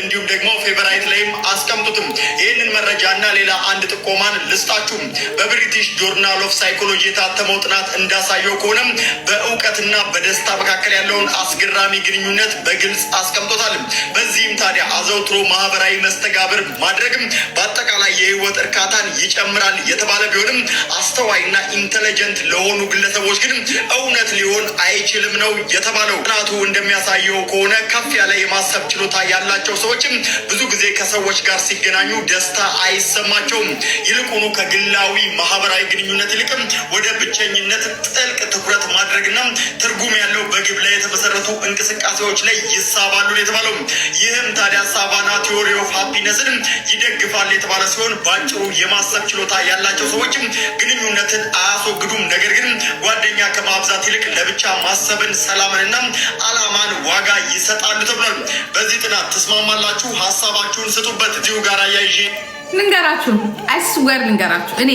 እንዲሁም ደግሞ ፌቨራይት ላይም አስቀምጡትም። ይህንን መረጃ እና ሌላ አንድ ጥቆማን ልስጣችሁም። በብሪቲሽ ጆርናል ኦፍ ሳይኮሎጂ የታተመው ጥናት እንዳሳየው ከሆነም በእውቀትና በደስታ መካከል ያለውን አስገራሚ ግንኙነት በግልጽ አስቀምጦታል። በዚህም ታዲያ አዘውትሮ ማህበራዊ መስተጋብር ማድረግም በአጠቃላይ የህይወት እርካታን ይጨምራል የተባለ ቢሆንም አስተዋይና ኢንተለጀንት ለሆኑ ግለሰቦች ግን እውነት ሊሆን አይችልም ነው የተባለው። ጥናቱ እንደሚያሳየው ከሆነ ከፍ ያለ የማሰብ ችሎታ ያላቸው ያላቸው ሰዎችም ብዙ ጊዜ ከሰዎች ጋር ሲገናኙ ደስታ አይሰማቸውም። ይልቁኑ ከግላዊ ማህበራዊ ግንኙነት ይልቅም ወደ ብቸኝነት ጥልቅ ትኩረት ማድረግና ትርጉም ያለው በግብ ላይ የተመሰረቱ እንቅስቃሴዎች ላይ ይሳባሉ የተባለው ይህም ታዲያ ሳቫና ቲዮሪ ኦፍ ሀፒነስን ይደግፋል የተባለ ሲሆን በአጭሩ የማሰብ ችሎታ ያላቸው ሰዎችም ግንኙነትን አያስወግዱም። ነገር ግን ጓደኛ ከማብዛት ይልቅ ለብቻ ማሰብን ሰላምንና ዓላማን ዋጋ ይሰጣሉ ተብሏል። በዚህ ጥናት ተስማ ትስማማላችሁ? ሀሳባችሁን ስጡበት። እዚሁ ጋር አያይዤ ልንገራችሁ፣ አይሱ ልንገራችሁ፣ እኔ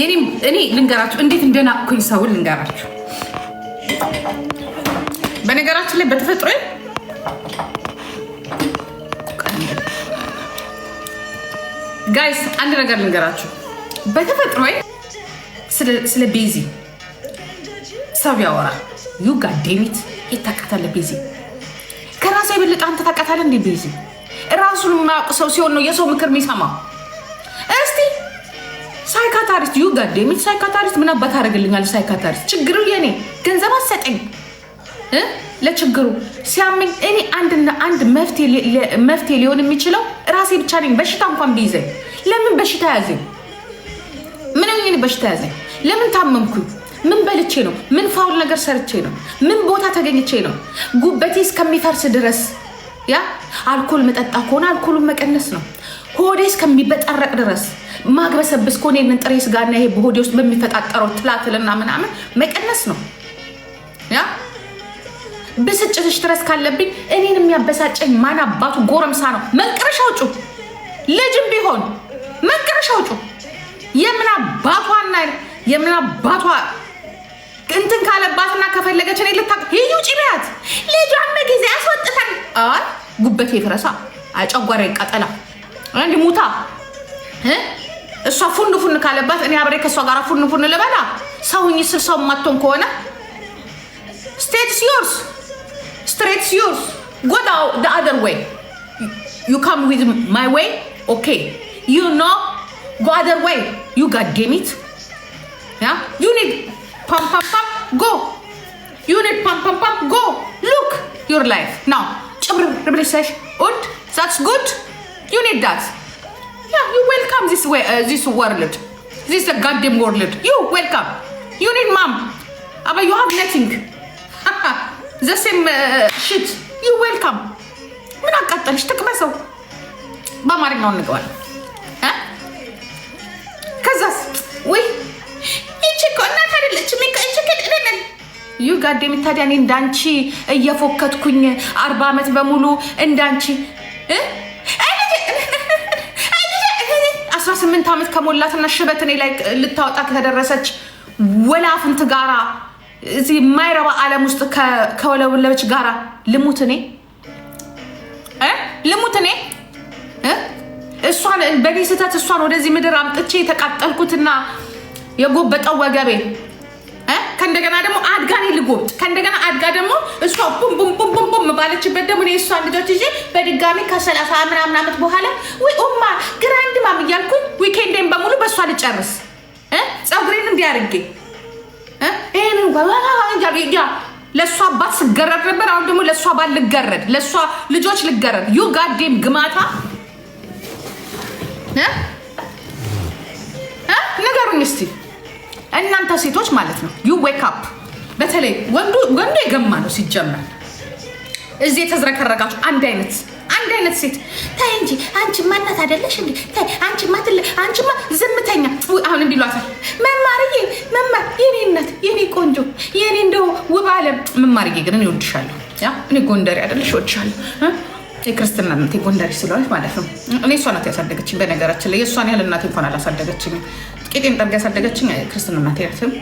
የኔም እኔ ልንገራችሁ፣ እንዴት እንደናቅኩኝ ሰውን ልንገራችሁ። በነገራችን ላይ በተፈጥሮ ጋይስ አንድ ነገር ልንገራችሁ። በተፈጥሮ ስለ ቤዚ ሰው ያወራል። ዩ ዴቪት የታቃታለ ቤዚ ከራሴ የበለጠ አንተ ታውቃታለህ እንዴ? ቤዚ ራሱን የማያውቅ ሰው ሲሆን ነው የሰው ምክር የሚሰማው። እስቲ ሳይካታሪስት ዩ ጋዴ የሚል ሳይካታሪስት ምን አባት አደረግልኛል? ሳይካታሪስት ችግሩ የኔ ገንዘብ አሰጠኝ ለችግሩ ሲያመኝ እኔ አንድና አንድ መፍትሄ ሊሆን የሚችለው ራሴ ብቻ ነኝ። በሽታ እንኳን ቢይዘኝ ለምን በሽታ ያዘኝ? ምንም ይህን በሽታ ያዘኝ ለምን ታመምኩኝ? ምን በልቼ ነው? ምን ፋውል ነገር ሰርቼ ነው? ምን ቦታ ተገኝቼ ነው? ጉበቴ እስከሚፈርስ ድረስ ያ አልኮል መጠጣ ከሆነ አልኮሉን መቀነስ ነው። ሆዴ እስከሚበጠረቅ ድረስ ማግበሰብስ ከሆነ ይህንን ጥሬ ስጋና ይሄ በሆዴ ውስጥ በሚፈጣጠረው ትላትልና ምናምን መቀነስ ነው። ያ ብስጭትሽ ድረስ ካለብኝ እኔን የሚያበሳጨኝ ማን አባቱ ጎረምሳ ነው? መቅረሻ ውጩ ልጅም ቢሆን መቅረሻ ውጩ የምን አባቷና የምን አባቷ እንትን ካለባትና ከፈለገች እኔ ልታ ይዩ ጭቢያት ልጇን በጊዜ አስወጥተን። አይ ጉበት ይፍረሳ፣ አጨጓራ ይቃጠላ፣ አንድ ሙታ እሷ ፉን ፉን ካለባት እኔ አብሬ ከእሷ ጋር ፉን ፉን ልበላ። ሰውኝ ስል ሰው ማቶን ከሆነ ስቴትስ ዮርስ ስትሬትስ ዮርስ ጎዳ አደር ወይ ዩ ካም ዊዝ ማይ ወይ ኦኬ ዩ ኖ ጎ አደር ወይ ዩ ጋድ ጌሚት ያ ዩ ኒድ pump, pump, pump, go. You need pump, pump, pump, go. Look your life now. And that's good. You need that. Yeah, you welcome this way, uh, this world. This is a goddamn world. You welcome. You need mom, but you have nothing. the same uh, shit. You welcome. ምን አቃጠልሽ? ጥቅመ ሰው በአማርኛው እንገዋል። ከዛስ ወይ ዩ ጋዴም ታዲያ እኔ እንዳንቺ እየፎከትኩኝ አርባ ዓመት በሙሉ እንዳንቺ አስራ ስምንት ዓመት ከሞላትና ሽበት እኔ ላይ ልታወጣ ከተደረሰች ወላፍንት ጋራ እዚህ የማይረባ ዓለም ውስጥ ከወለበች ጋራ ልሙት እኔ ልሙት እኔ እሷን በኔ ስህተት እሷን ወደዚህ ምድር አምጥቼ የተቃጠልኩትና የጎበጠው ወገቤ እንደገና ደግሞ አድጋ እኔ ልጎብጥ ከእንደገና አድጋ ደግሞ እሷ ቡም ቡም ቡም ቡም ቡም ባለችበት ደግሞ እኔ እሷን ልጆች ይዤ በድጋሚ ከሰላሳ ምናምን ዓመት በኋላ ወይ ኦማ ግራንድ ማም እያልኩኝ ዊኬንዴን በሙሉ በእሷ ልጨርስ ፀጉሬን እንዲያርጌ ይህንን ለእሷ አባት ስገረድ ነበር። አሁን ደግሞ ለእሷ ባል ልገረድ፣ ለእሷ ልጆች ልገረድ። ዩ ጋዴም ግማታ ነገሩኝ እስቲ። እናንተ ሴቶች ማለት ነው ዩ ዌክ አፕ። በተለይ ወንዱ የገማ ነው ሲጀመር። እዚህ የተዝረከረቃችሁ አንድ አይነት አንድ አይነት ሴት ታይ እንጂ አንቺማ እናት አይደለሽ እንዴ? ታይ አንቺማ ትል አንቺማ ዝምተኛ። አሁን እንዲሏታል ሏታል መማርዬ፣ መማር የኔ እናት፣ የኔ ቆንጆ፣ የኔ እንደው ውብ አለም መማርዬ። ግን እኔ እወድሻለሁ። እኔ ጎንደሬ አይደለሽ እወድሻለሁ። የክርስትና እናቴ ጎንደሬ ስለሆነች ማለት ነው። እኔ እሷ ናት ያሳደገችኝ። በነገራችን ላይ የእሷን ያህል እናት እንኳን አላሳደገችኝም። ቄጤም ጠርጋ ያሳደገችኝ ክርስትና እናት ናትም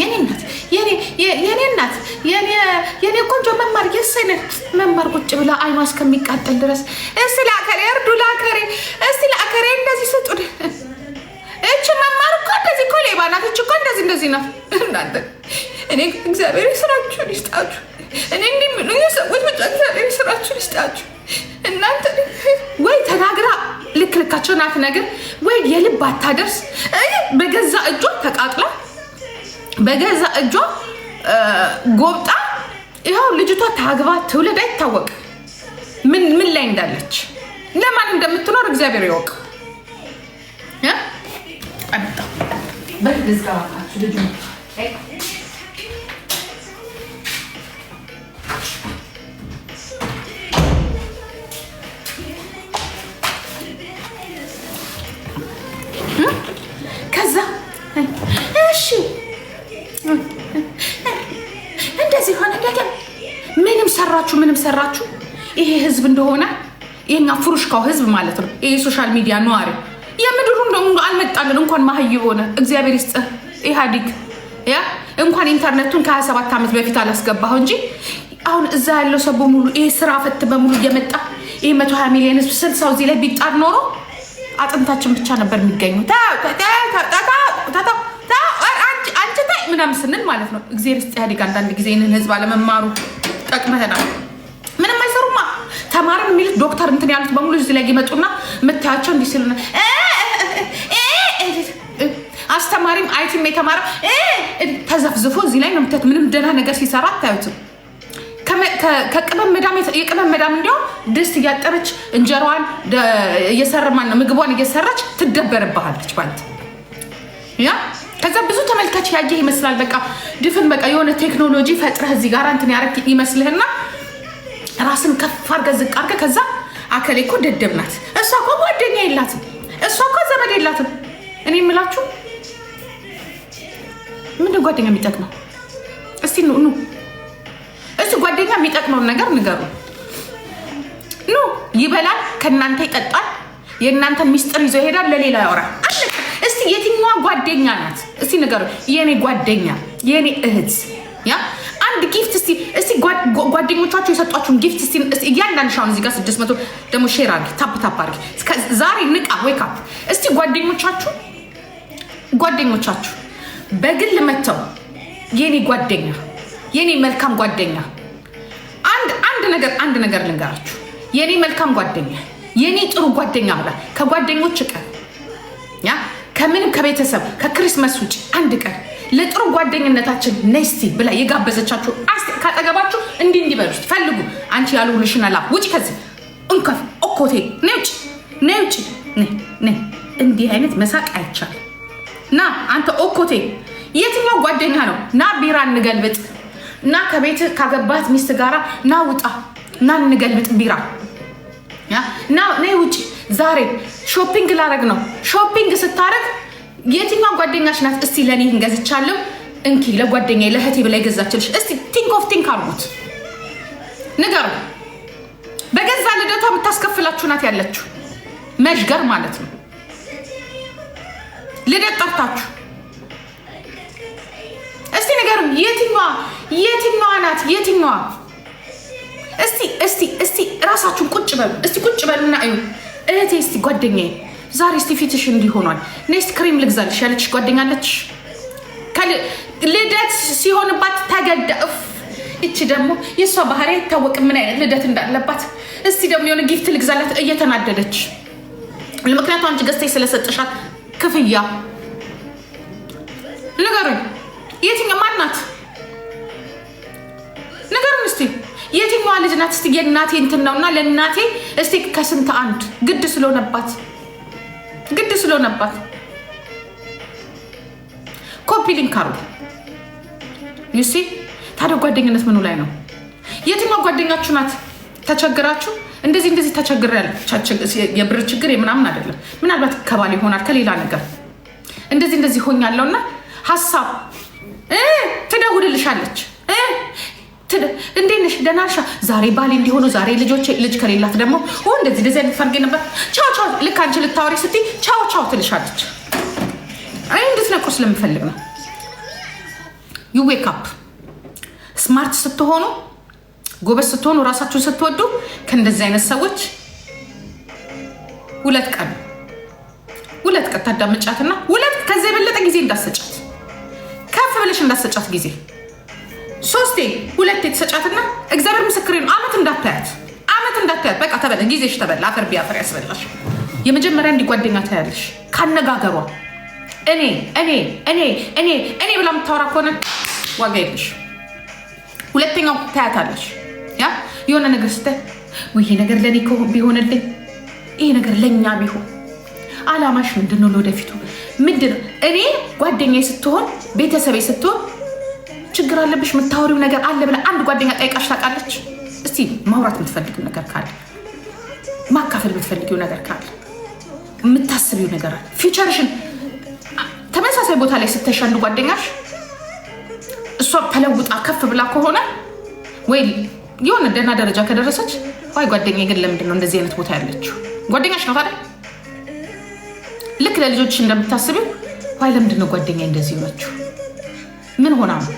የኔ እናት የኔ እናት የኔ ቆንጆ መማር የሰነ መማር ቁጭ ብላ አይኗ እስከሚቃጠል ድረስ እስቲ ለአከሬ እርዱ፣ ለአከሬ እስቲ ለአከሬ እንደዚህ ስጡ። እች መማር እኮ እንደዚህ እኮ ሌባ ናት፣ እች እኮ እንደዚህ እንደዚህ ናት። እናንተ እኔ እግዚአብሔር ስራችሁን ይስጣችሁ። እኔ እንዲህ ምኑ ሰዎች ብቻ እግዚአብሔር ስራችሁን ይስጣችሁ። እናንተ ወይ ተናግራ ልክ ልካቸውን ነገር ወይ የልብ አታደርስ። በገዛ እጇ ተቃጥላ በገዛ እጇ ጎብጣ ይኸው ልጅቷ ታግባ ትውልድ አይታወቅ ምን ምን ላይ እንዳለች ለማን እንደምትኖር እግዚአብሔር ይወቅ። በልዝጋባችሁ ልጁ ሰራችሁ ይሄ ህዝብ እንደሆነ ይሄኛ ፍሩሽካው ህዝብ ማለት ነው። ይሄ ሶሻል ሚዲያ ነዋሪ የምድሩ ደግሞ አልመጣልን እንኳን ማህይ ሆነ እግዚአብሔር ይስጥ ኢህአዲግ ያ እንኳን ኢንተርኔቱን ከ27 ዓመት በፊት አላስገባሁ እንጂ አሁን እዛ ያለው ሰው በሙሉ ይሄ ስራ ፈት በሙሉ እየመጣ ይህ 120 ሚሊዮን ህዝብ ስልሳው እዚህ ላይ ቢጣር ኖሮ አጥንታችን ብቻ ነበር የሚገኙ አንቺ ታይ ምናምን ስንል ማለት ነው። እግዚአብሔር ይስጥ ኢህአዲግ አንዳንድ ጊዜ ይህንን ህዝብ አለመማሩ ጠቅመህናል። ተማርን የሚሉት ዶክተር እንትን ያሉት በሙሉ እዚህ ላይ ይመጡና የምታያቸው እንዲህ ሲሉ አስተማሪም አይቲም የተማረ ተዘፍዝፎ እዚህ ላይ ነው የምታዩት። ምንም ደህና ነገር ሲሰራ አታዩትም። ከቅመም መዳም የቅመም መዳም እንዲያውም ድስት እያጠረች እንጀራዋን እየሰረማን ምግቧን እየሰራች ትደበርባሃለች ማለት ያ ከዛ ብዙ ተመልካች ያየ ይመስላል። በቃ ድፍን በቃ የሆነ ቴክኖሎጂ ፈጥረህ እዚህ ጋር እንትን ያረክ ይመስልህና ራስን ከፍ አርገ ዝቅ አርገ ከዛ አከሌ እኮ ደደብ ናት፣ እሷ እኮ ጓደኛ የላትም፣ እሷ እኮ ዘመድ የላትም። እኔ የምላችሁ ምንድን ጓደኛ የሚጠቅመው እስቲ ኑ ኑ እስቲ ጓደኛ የሚጠቅመውን ነገር ንገሩ። ኑ ይበላል፣ ከእናንተ ይጠጣል፣ የእናንተ ሚስጥር ይዞ ይሄዳል፣ ለሌላ ያወራል። እስቲ የትኛዋ ጓደኛ ናት? እስቲ ንገሩ። የእኔ ጓደኛ የእኔ እህት ያ ጓደኞቻችሁ የሰጧችሁን ጊፍት እያንዳንድ ሻሁን እዚህ ጋር ስድስት መቶ ደግሞ ሼር አድርጊ፣ ታፕ ታፕ አድርጊ። ዛሬ ንቃ ወይ ካፕ እስቲ ጓደኞቻችሁ ጓደኞቻችሁ በግል መጥተው የኔ ጓደኛ የኔ መልካም ጓደኛ አንድ ነገር አንድ ነገር ልንገራችሁ። የኔ መልካም ጓደኛ የኔ ጥሩ ጓደኛ ብላ ከጓደኞች ቀን ከምንም ከቤተሰብ ከክሪስመስ ውጭ አንድ ቀን ለጥሩ ጓደኝነታችን ነስቲ ብላ የጋበዘቻችሁ ካጠገባችሁ እንዲህ እንዲበሉት ፈልጉ። አንቺ ያልሁልሽን አላ ውጭ ከዚህ እንከፍ ኦኮቴ ነውጭ ነውጭ እንዲህ አይነት መሳቅ አይቻል። ና አንተ ኦኮቴ፣ የትኛው ጓደኛ ነው? ና ቢራ እንገልብጥ፣ ና ከቤት ካገባት ሚስት ጋራ ና ውጣ፣ ና እንገልብጥ ቢራ፣ ና ነይ ውጭ። ዛሬ ሾፒንግ ላረግ ነው። ሾፒንግ ስታረግ የትኛው ጓደኛሽ ናት? እስቲ ለእኔ እንገዝቻለሁ እንኪ ለጓደኛ ለእህቴ ብላ የገዛችልሽ እስቲ ቲንክ ኦፍ ቲንክ አልኩት ንገሩ። በገዛ ልደቷ የምታስከፍላችሁ ናት ያለችው መዥገር ማለት ነው። ልደት ጠርታችሁ እስቲ ንገሩ። የትኛዋ የትኛዋ ናት? የትኛዋ እስቲ እስቲ እስቲ ራሳችሁን ቁጭ በሉ። እስቲ ቁጭ በሉና እዩ እህቴ እስቲ ጓደኛዬ ዛሬ እስቲ ፊትሽ እንዲሆኗል። ኔስት ክሪም ልግዛልሽ ያለችሽ ጓደኛለች ልደት ሲሆንባት ተገዳ እቺ ደግሞ የእሷ ባህሪ አይታወቅም ምን አይነት ልደት እንዳለባት። እስቲ ደግሞ የሆነ ጊፍት ልግዛላት እየተናደደች ምክንያቱ አንቺ ገዝተሽ ስለሰጠሻት ክፍያ ንገሩኝ። የትኛው ማናት? ንገሩኝ እስቲ የትኛዋ ልጅ ናት? እስቲ የእናቴ እንትን ነውና ለእናቴ እስቲ ከስንት አንድ ግድ ስለሆነባት ግድ ስለሆነባት ኮፒ ሊንክ አርጉ። ዩሲ ታዲያ ጓደኝነት ምኑ ላይ ነው? የትኛው ጓደኛችሁ ናት ተቸግራችሁ እንደዚህ እንደዚህ ተቸግር የብር ችግር የምናምን አይደለም። ምናልባት ከባል ይሆናል ከሌላ ነገር እንደዚህ እንደዚህ ሆኛለሁና ሀሳብ ትደውልልሻለች እንዴት ነሽ? ደህና ነሽ? ዛሬ ባሌ እንዲሆኑ ዛሬ ልጆች ልጅ ከሌላት ደግሞ እንደዚህ እንደዚህ አይነት ፈርጌ ነበር። ቻው ቻው፣ ልክ አንቺ ልታወሪ ስትይ ቻው ቻው ትልሻለች። እኔ እንድትነቁ ስለምፈልግ ነው። ዩ ዌክ አፕ ስማርት ስትሆኑ፣ ጎበዝ ስትሆኑ፣ ራሳችሁን ስትወዱ ከእንደዚህ አይነት ሰዎች ሁለት ቀን ሁለት ቀን ታዳምጫትና ሁለት ከዚያ የበለጠ ጊዜ እንዳሰጫት ከፍ ብለሽ እንዳሰጫት ጊዜ ሶስቴ ሁለቴ ተሰጫትና እግዚአብሔር ምስክሬ ነው። አመት እንዳታያት አመት እንዳታያት በቃ ተበላ፣ ጊዜሽ ተበላ። አፈር ቢያፈር ያስበላሽ። የመጀመሪያ እንዲህ ጓደኛ ታያለሽ ካነጋገሯ። እኔ እኔ እኔ እኔ እኔ ብላ የምታወራ ከሆነ ዋጋ የለሽ። ሁለተኛው ታያታለሽ። ያ የሆነ ነገር ስተ ይሄ ነገር ለእኔ ቢሆንልኝ፣ ይሄ ነገር ለእኛ ቢሆን አላማሽ ምንድን ነው? ለወደፊቱ ምንድን ነው? እኔ ጓደኛዬ ስትሆን ቤተሰቤ ስትሆን ችግር አለብሽ የምታወሪው ነገር አለ ብላ አንድ ጓደኛ ጠይቃሽ ታውቃለች? እስቲ ማውራት የምትፈልጊው ነገር ካለ ማካፈል የምትፈልጊው ነገር ካለ የምታስቢው ነገር አለ ፊቸርሽን ተመሳሳይ ቦታ ላይ ስተሽ አንዱ ጓደኛሽ እሷ ተለውጣ ከፍ ብላ ከሆነ ወይ የሆነ ደህና ደረጃ ከደረሰች ይ ጓደኛ ግን ለምንድን ነው እንደዚህ አይነት ቦታ ያለችው? ጓደኛሽ ነው ታዲያ ልክ ለልጆች እንደምታስቢው ይ ለምንድን ነው ጓደኛ እንደዚህ ሆነችው? ምን ሆና ነው?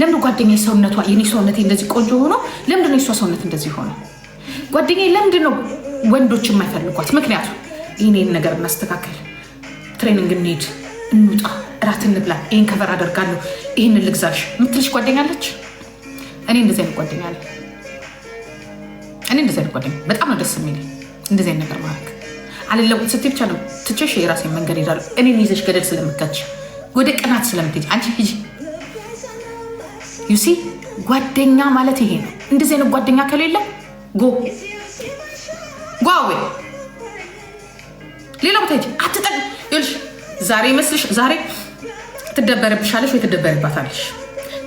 ለምድ ጓደኛ ሰውነቷ የኔ ሰውነት እንደዚህ ቆንጆ ሆኖ ለምንድን ነው የሷ ሰውነት እንደዚህ ሆነ? ጓደኛ ለምንድን ነው ወንዶች የማይፈልጓት? ምክንያቱም ይህኔን ነገር እናስተካከል፣ ትሬኒንግ እንሄድ፣ እንውጣ፣ እራት እንብላ፣ ይህን ከበር አደርጋለሁ፣ ይህን ልግዛሽ ምትልሽ ጓደኛ አለች። እኔ እንደዚህ አይነት ጓደኛ አለ። እኔ እንደዚህ አይነት ጓደኛ በጣም ነው ደስ የሚል እንደዚህ አይነት ነገር ማድረግ አልለውጥ ስትይ ብቻ ነው ትቼሽ የራሴን መንገድ ሄዳለሁ። እኔን ይዘሽ ገደል ስለምከች ወደ ቅናት ስለምትሄጂ አንቺ ሂጂ ዩሲ ጓደኛ ማለት ይሄ ነው። እንደዚህ አይነት ጓደኛ ከሌለ ጎ ጓዌ ሌላ ቦታ ሂጅ አትጠቅም። ይኸውልሽ ዛሬ ይመስልሽ ዛሬ ትደበርብሻለሽ ወይ ትደበርባታለሽ፣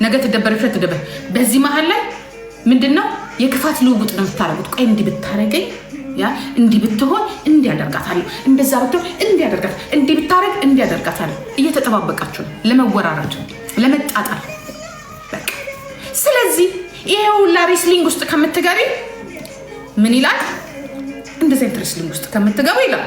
ነገ ትደበርብሻለሽ። ትደበር በዚህ መሀል ላይ ምንድን ነው የክፋት ልውውጥ ነው የምታደርጉት። ቆይ እንዲህ ብታረገኝ ያ እንዲህ ብትሆን እንዲህ ያደርጋታለሁ፣ እንደዛ ብትሆን እንዲህ ያደርጋታለሁ፣ እንዲህ ብታረግ እንዲህ ያደርጋታለሁ። እየተጠባበቃችሁ ነው ለመወራራት ለመጣጣል ይሄ ሁላ ሬስሊንግ ውስጥ ከምትገቢ ምን ይላል? እንደዚህ አይነት ሬስሊንግ ውስጥ ከምትገቡ ይላል።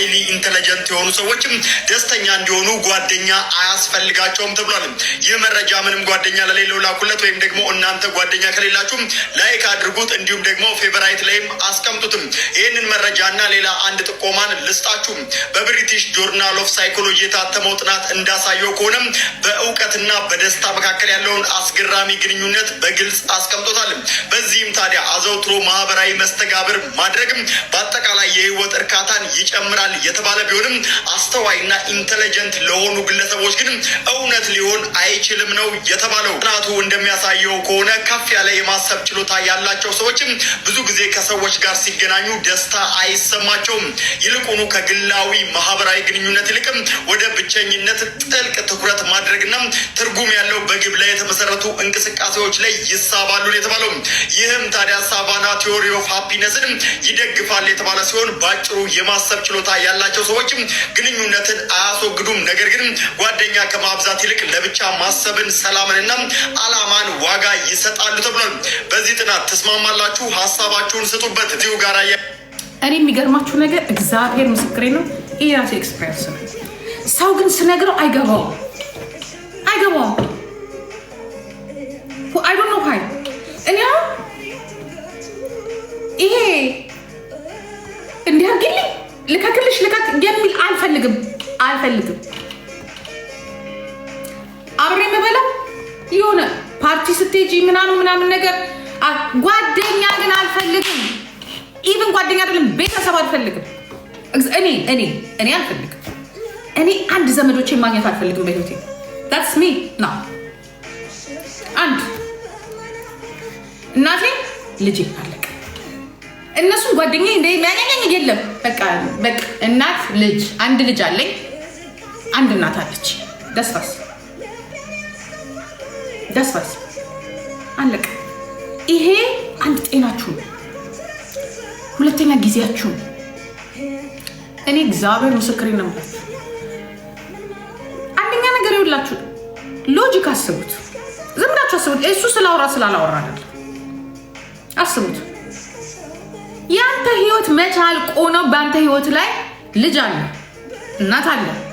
ሀይሊ ኢንቴለጀንት የሆኑ ሰዎችም ደስተኛ እንዲሆኑ ጓደኛ አያስፈልጋቸውም ተብሏል። ይህ መረጃ ምንም ጓደኛ ለሌለው ላኩለት፣ ወይም ደግሞ እናንተ ጓደኛ ከሌላችሁም ላይክ አድርጉት፣ እንዲሁም ደግሞ ፌቨራይት ላይም አስቀምጡትም። ይህንን መረጃና ሌላ አንድ ጥቆማን ልስጣችሁ። በብሪቲሽ ጆርናል ኦፍ ሳይኮሎጂ የታተመው ጥናት እንዳሳየው ከሆነም በእውቀትና በደስታ መካከል ያለውን አስገራሚ ግንኙነት በግልጽ አስቀምጦታል። በዚህም ታዲያ አዘውትሮ ማህበራዊ መስተጋብር ማድረግም በአጠቃላይ የህይወት እርካታን ይጨምራል ይሆናል የተባለ ቢሆንም አስተዋይና ኢንተለጀንት ለሆኑ ግለሰቦች ግን እውነት ሊሆን አይችልም ነው የተባለው። ጥናቱ እንደሚያሳየው ከሆነ ከፍ ያለ የማሰብ ችሎታ ያላቸው ሰዎችም ብዙ ጊዜ ከሰዎች ጋር ሲገናኙ ደስታ አይሰማቸውም። ይልቁኑ ከግላዊ ማህበራዊ ግንኙነት ይልቅም ወደ ብቸኝነት ጥልቅ ትኩረት ማድረግና ትርጉም ያለው በግብ ላይ የተመሰረቱ እንቅስቃሴዎች ላይ ይሳባሉ የተባለው። ይህም ታዲያ ሳቫና ቴዎሪ ኦፍ ሀፒነስን ይደግፋል የተባለ ሲሆን በአጭሩ የማሰብ ችሎታ ያላቸው ሰዎችም ግንኙነትን አያስወግዱም። ነገር ግን ጓደኛ ከማብዛት ይልቅ ለብቻ ማሰብን ሰላምንና አላማን ዋጋ ይሰጣሉ ተብሏል። በዚህ ጥናት ተስማማላችሁ? ሀሳባችሁን ስጡበት። እዚሁ ጋር እኔ የሚገርማችሁ ነገር እግዚአብሔር ምስክሬ ነው። የራሴ ኤክስፔሪንስ ነው። ሰው ግን ስነግረው አይገባው አይገባው እኔ ይሄ እንዲህ አርግልኝ ልከክልሽ ልከክ የሚል አልፈልግም አልፈልግም። አብሬ የምበላ የሆነ ፓርቲ ስቴጂ ምናምን ምናምን ነገር ጓደኛ ግን አልፈልግም። ኢቭን ጓደኛ አይደለም ቤተሰብ አልፈልግም። እኔ እኔ እኔ አልፈልግም። እኔ አንድ ዘመዶቼን ማግኘት አልፈልግም በህይወቴ ስ ሚ ና አንድ እናቴ ልጅ እነሱን ጓደኛ እንደ ሚያኛኛኝ የለም። በቃ በቃ እናት ልጅ አንድ ልጅ አለኝ። አንድ እናት አለች። ደስፋስ ደስፋስ አለቀ። ይሄ አንድ ጤናችሁ፣ ሁለተኛ ጊዜያችሁ። እኔ እግዚአብሔር ምስክሬ ነው። አንደኛ ነገር ይውላችሁ፣ ሎጂክ አስቡት። ዝም ብላችሁ አስቡት። እሱ ስላወራ ስላላወራ አይደለም። አስቡት ያንተ ህይወት መቻል ቆኖ በአንተ ህይወት ላይ ልጅ አለ እናት አለ